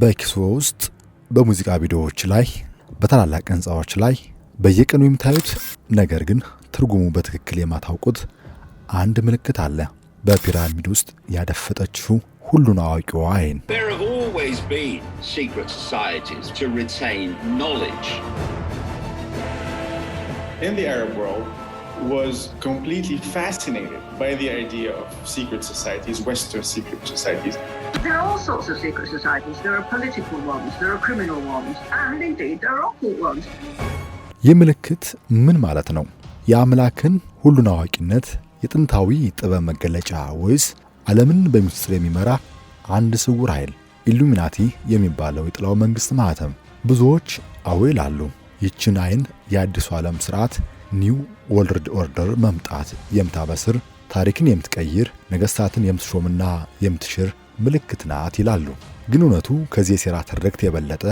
በኪሶ ውስጥ በሙዚቃ ቪዲዮዎች ላይ በታላላቅ ህንፃዎች ላይ በየቀኑ የምታዩት ነገር ግን ትርጉሙ በትክክል የማታውቁት አንድ ምልክት አለ። በፒራሚድ ውስጥ ያደፈጠችው ሁሉን አዋቂዋ አይን። ን There are all sorts of secret societies. There are political ones, there are criminal ones, and indeed there are occult ones. ይህ ምልክት ምን ማለት ነው? የአምላክን ሁሉን አዋቂነት የጥንታዊ ጥበብ መገለጫ ወይስ ዓለምን በሚስጥር የሚመራ አንድ ስውር ኃይል ኢሉሚናቲ የሚባለው የጥላው መንግስት ማህተም? ብዙዎች አዎ ይላሉ። ይችን አይን የአዲሱ ዓለም ስርዓት ኒው ወርልድ ኦርደር መምጣት የምታበስር ታሪክን የምትቀይር ነገስታትን የምትሾምና የምትሽር ምልክት ናት ይላሉ። ግን እውነቱ ከዚህ የሴራ ትርክት የበለጠ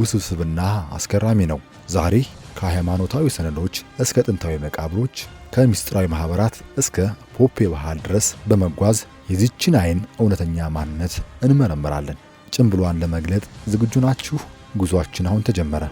ውስብስብና አስገራሚ ነው። ዛሬ ከሃይማኖታዊ ሰነዶች እስከ ጥንታዊ መቃብሮች፣ ከምስጢራዊ ማኅበራት እስከ ፖፔ ባህል ድረስ በመጓዝ የዚችን አይን እውነተኛ ማንነት እንመረምራለን። ጭምብሏን ለመግለጥ ዝግጁ ናችሁ? ጉዟችን አሁን ተጀመረ።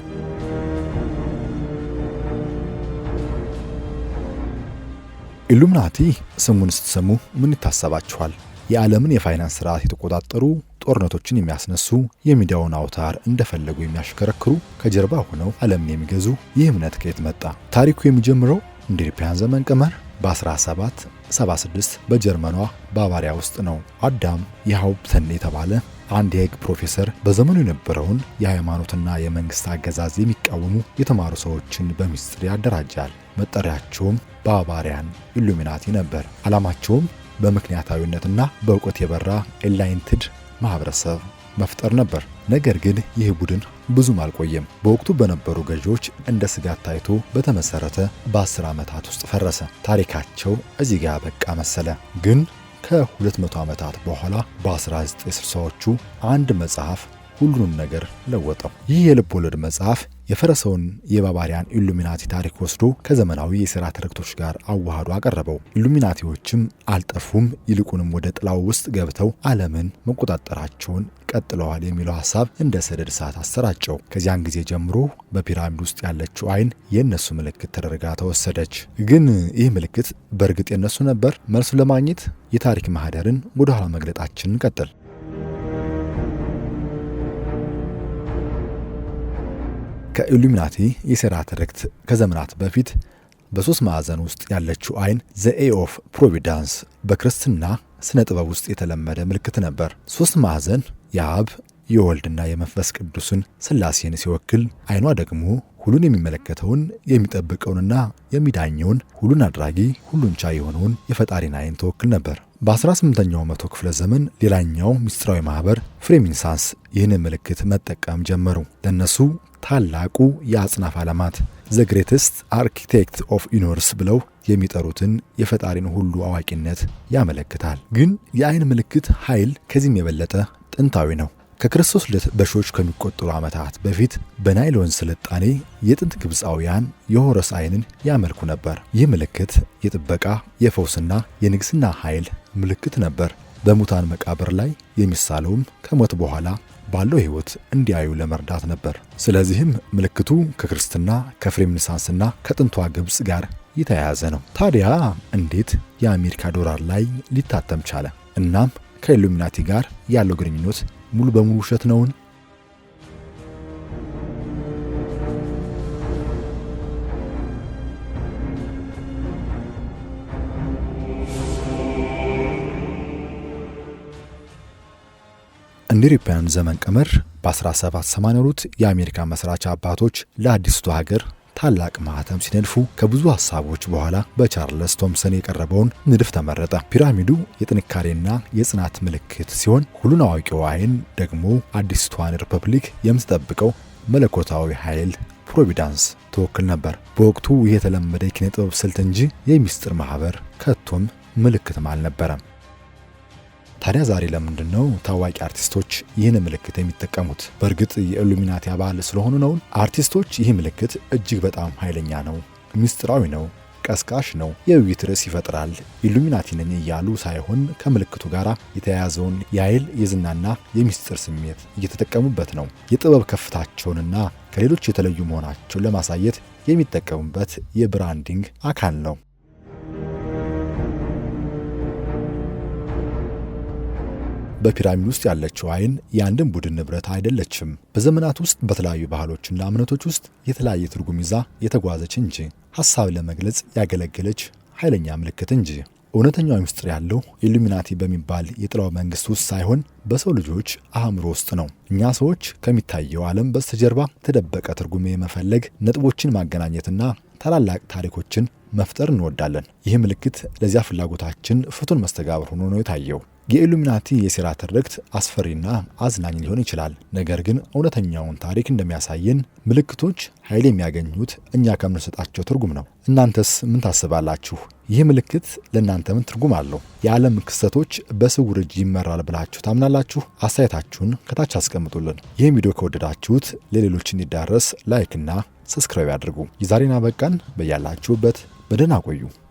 ኢሉምናቲ ስሙን ስትሰሙ ምን ይታሰባችኋል? የዓለምን የፋይናንስ ስርዓት የተቆጣጠሩ፣ ጦርነቶችን የሚያስነሱ፣ የሚዲያውን አውታር እንደፈለጉ የሚያሽከረክሩ፣ ከጀርባ ሆነው ዓለምን የሚገዙ። ይህ እምነት ከየት መጣ? ታሪኩ የሚጀምረው እንደ ኢትዮጵያን ዘመን ቀመር በ1776 በጀርመኗ ባቫሪያ ውስጥ ነው። አዳም የሀውብተን የተባለ አንድ የህግ ፕሮፌሰር በዘመኑ የነበረውን የሃይማኖትና የመንግስት አገዛዝ የሚቃወሙ የተማሩ ሰዎችን በሚስጥር ያደራጃል። መጠሪያቸውም ባቫሪያን ኢሉሚናቲ ነበር። ዓላማቸውም በምክንያታዊነትና በእውቀት የበራ ኤንላይንትድ ማህበረሰብ መፍጠር ነበር። ነገር ግን ይህ ቡድን ብዙም አልቆየም። በወቅቱ በነበሩ ገዢዎች እንደ ስጋት ታይቶ በተመሰረተ በ10 ዓመታት ውስጥ ፈረሰ። ታሪካቸው እዚህ ጋር በቃ መሰለ። ግን ከ200 ዓመታት በኋላ በ1960ዎቹ አንድ መጽሐፍ ሁሉንም ነገር ለወጠው። ይህ የልብ ወለድ መጽሐፍ የፈረሰውን የባባሪያን ኢሉሚናቲ ታሪክ ወስዶ ከዘመናዊ የሥራ ትርክቶች ጋር አዋህዶ አቀረበው። ኢሉሚናቲዎችም አልጠፉም፣ ይልቁንም ወደ ጥላው ውስጥ ገብተው ዓለምን መቆጣጠራቸውን ቀጥለዋል የሚለው ሀሳብ እንደ ሰደድ እሳት አሰራጨው። ከዚያን ጊዜ ጀምሮ በፒራሚድ ውስጥ ያለችው አይን የእነሱ ምልክት ተደርጋ ተወሰደች። ግን ይህ ምልክት በእርግጥ የእነሱ ነበር? መልሱን ለማግኘት የታሪክ ማህደርን ወደኋላ መግለጣችንን ቀጥል። ከኢሉሚናቲ የሴራ ትርክት ከዘመናት በፊት በሶስት ማዕዘን ውስጥ ያለችው ዐይን ዘ ኤ ኦፍ ፕሮቪዳንስ በክርስትና ሥነ ጥበብ ውስጥ የተለመደ ምልክት ነበር። ሦስት ማዕዘን የአብ የወልድና የመንፈስ ቅዱስን ሥላሴን ሲወክል፣ አይኗ ደግሞ ሁሉን የሚመለከተውን የሚጠብቀውንና የሚዳኘውን ሁሉን አድራጊ ሁሉን ቻይ የሆነውን የፈጣሪን አይን ትወክል ነበር። በ18ኛው መቶ ክፍለ ዘመን ሌላኛው ምስጢራዊ ማህበር ፍሬሚንሳንስ ይህንን ምልክት መጠቀም ጀመሩ። ለእነሱ ታላቁ የአጽናፍ ዓለማት ዘ ግሬትስት አርኪቴክት ኦፍ ዩኒቨርስ ብለው የሚጠሩትን የፈጣሪን ሁሉ አዋቂነት ያመለክታል። ግን የአይን ምልክት ኃይል ከዚህም የበለጠ ጥንታዊ ነው። ከክርስቶስ ልደት በሺዎች ከሚቆጠሩ ዓመታት በፊት በናይሎን ስልጣኔ የጥንት ግብፃውያን የሆረስ አይንን ያመልኩ ነበር። ይህ ምልክት የጥበቃ የፈውስና የንግሥና ኃይል ምልክት ነበር። በሙታን መቃብር ላይ የሚሳለውም ከሞት በኋላ ባለው ህይወት እንዲያዩ ለመርዳት ነበር። ስለዚህም ምልክቱ ከክርስትና ከፍሬም ንሳንስና ከጥንቷ ግብፅ ጋር የተያያዘ ነው። ታዲያ እንዴት የአሜሪካ ዶላር ላይ ሊታተም ቻለ? እናም ከኢሉሚናቲ ጋር ያለው ግንኙነት ሙሉ በሙሉ ውሸት ነውን? እንደ ዘመን ቀመር በ1780 ሩት የአሜሪካ መስራች አባቶች ለአዲስቷ ሀገር ታላቅ ማህተም ሲነድፉ ከብዙ ሀሳቦች በኋላ በቻርለስ ቶምሰን የቀረበውን ንድፍ ተመረጠ። ፒራሚዱ የጥንካሬና የጽናት ምልክት ሲሆን፣ ሁሉን አዋቂው አይን ደግሞ አዲስቷን ሪፐብሊክ የምትጠብቀው መለኮታዊ ኃይል ፕሮቪዳንስ ትወክል ነበር። በወቅቱ ይህ የተለመደ የኪነ ጥበብ ስልት እንጂ የሚስጥር ማህበር ከቶም ምልክትም አልነበረም። ታዲያ ዛሬ ለምንድን ነው ታዋቂ አርቲስቶች ይህን ምልክት የሚጠቀሙት? በእርግጥ የኢሉሚናቲ አባል ስለሆኑ ነውን? አርቲስቶች ይህ ምልክት እጅግ በጣም ኃይለኛ ነው፣ ምስጢራዊ ነው፣ ቀስቃሽ ነው፣ የውይይት ርዕስ ይፈጥራል። ኢሉሚናቲ ነኝ እያሉ ሳይሆን ከምልክቱ ጋር የተያያዘውን የኃይል የዝናና የሚስጥር ስሜት እየተጠቀሙበት ነው። የጥበብ ከፍታቸውንና ከሌሎች የተለዩ መሆናቸውን ለማሳየት የሚጠቀሙበት የብራንዲንግ አካል ነው። በፒራሚድ ውስጥ ያለችው አይን የአንድን ቡድን ንብረት አይደለችም። በዘመናት ውስጥ በተለያዩ ባህሎችና እምነቶች ውስጥ የተለያየ ትርጉም ይዛ የተጓዘች እንጂ ሀሳብ ለመግለጽ ያገለገለች ኃይለኛ ምልክት እንጂ። እውነተኛው ምስጢር ያለው ኢሉሚናቲ በሚባል የጥላው መንግስት ውስጥ ሳይሆን በሰው ልጆች አእምሮ ውስጥ ነው። እኛ ሰዎች ከሚታየው ዓለም በስተጀርባ የተደበቀ ትርጉም የመፈለግ ነጥቦችን ማገናኘትና ታላላቅ ታሪኮችን መፍጠር እንወዳለን። ይህ ምልክት ለዚያ ፍላጎታችን ፍቱን መስተጋብር ሆኖ ነው የታየው። የኢሉሚናቲ የሴራ ትርክት አስፈሪና አዝናኝ ሊሆን ይችላል። ነገር ግን እውነተኛውን ታሪክ እንደሚያሳየን ምልክቶች ኃይል የሚያገኙት እኛ ከምንሰጣቸው ትርጉም ነው። እናንተስ ምን ታስባላችሁ? ይህ ምልክት ለእናንተ ምን ትርጉም አለው? የዓለም ክስተቶች በስውር እጅ ይመራል ብላችሁ ታምናላችሁ? አስተያየታችሁን ከታች አስቀምጡልን። ይህም ቪዲዮ ከወደዳችሁት ለሌሎች እንዲዳረስ ላይክና ሰብስክራይብ ያድርጉ። የዛሬን አበቃን። በያላችሁበት በደህና ቆዩ።